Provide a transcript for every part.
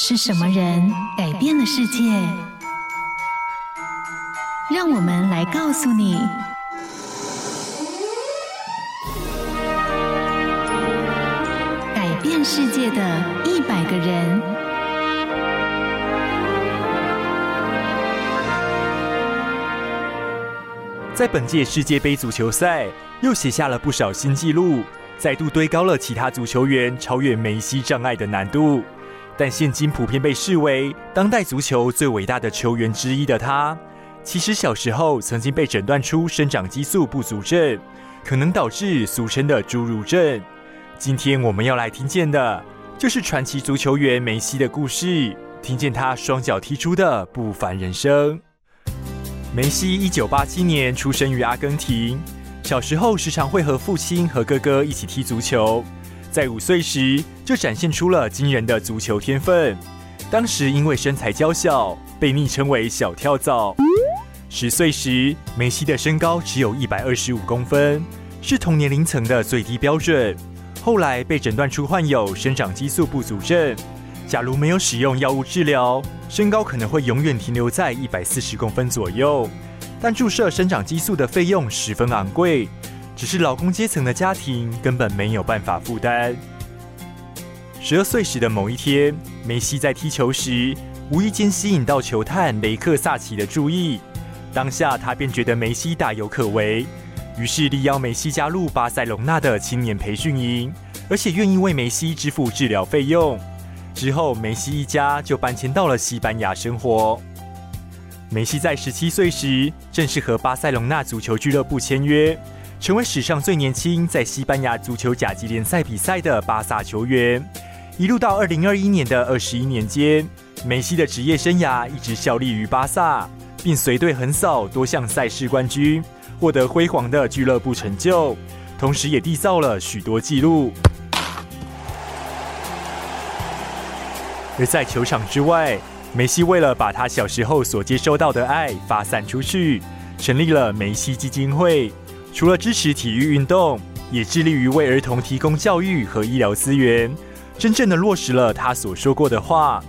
是什麼人改變了世界？讓我們來告訴你：改變世界的一百個人。在本屆世界杯足球賽，又寫下了不少新紀錄，再度堆高了其他足球員超越梅西障礙的難度。但現今普遍被視為當代足球最偉大的球員之一的他，其實小時候曾經被診斷出生長激素不足症，可能導致俗稱的侏儒症。今天我們要來聽見的就是傳奇足球員梅西的故事，聽見他雙腳踢出的不凡人生。梅西一九八七年出生於阿根廷，小時候時常會和父親和哥哥一起踢足球。在五歲時就展現出了驚人的足球天分。當時因為身材嬌小，被昵稱為“小跳蚤”。十歲時，梅西的身高只有一百二十五公分，是同年齡層的最低標準。後來被診斷出患有生長激素不足症。假如沒有使用藥物治療，身高可能會永遠停留在一百四十公分左右。但注射生長激素的費用十分昂貴。只是，勞工階層的家庭根本沒有辦法負擔。十二歲時的某一天，梅西在踢球時，無意間吸引到球探雷克薩奇的注意。當下，他便覺得梅西大有可為，於是力邀梅西加入巴塞隆納的青年培訓營，而且願意為梅西支付治療費用。之後，梅西一家就搬遷到了西班牙生活。梅西在十七歲時，正式和巴塞隆納足球俱樂部簽約。成為史上最年輕在西班牙足球甲級聯賽比賽的巴薩球員，一路到二零二一年的二十一年間，梅西的職業生涯一直效力於巴薩，並隨隊橫掃多項賽事冠軍，獲得輝煌的俱樂部成就，同時也締造了許多紀錄。而在球場之外，梅西為了把他小時候所接收到的愛發散出去，成立了梅西基金會。除了支持體育運動，也致力於為兒童提供教育和醫療資源，真正的落實了他所說過的話。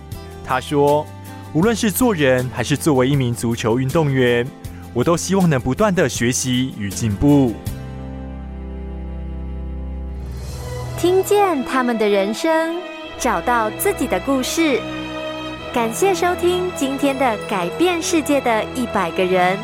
他說：“無論是做人，還是作為一名足球運動員，我都希望能不斷的學習與進步。”聽見他們的人生，找到自己的故事。感謝收聽今天的《改變世界的一百個人》。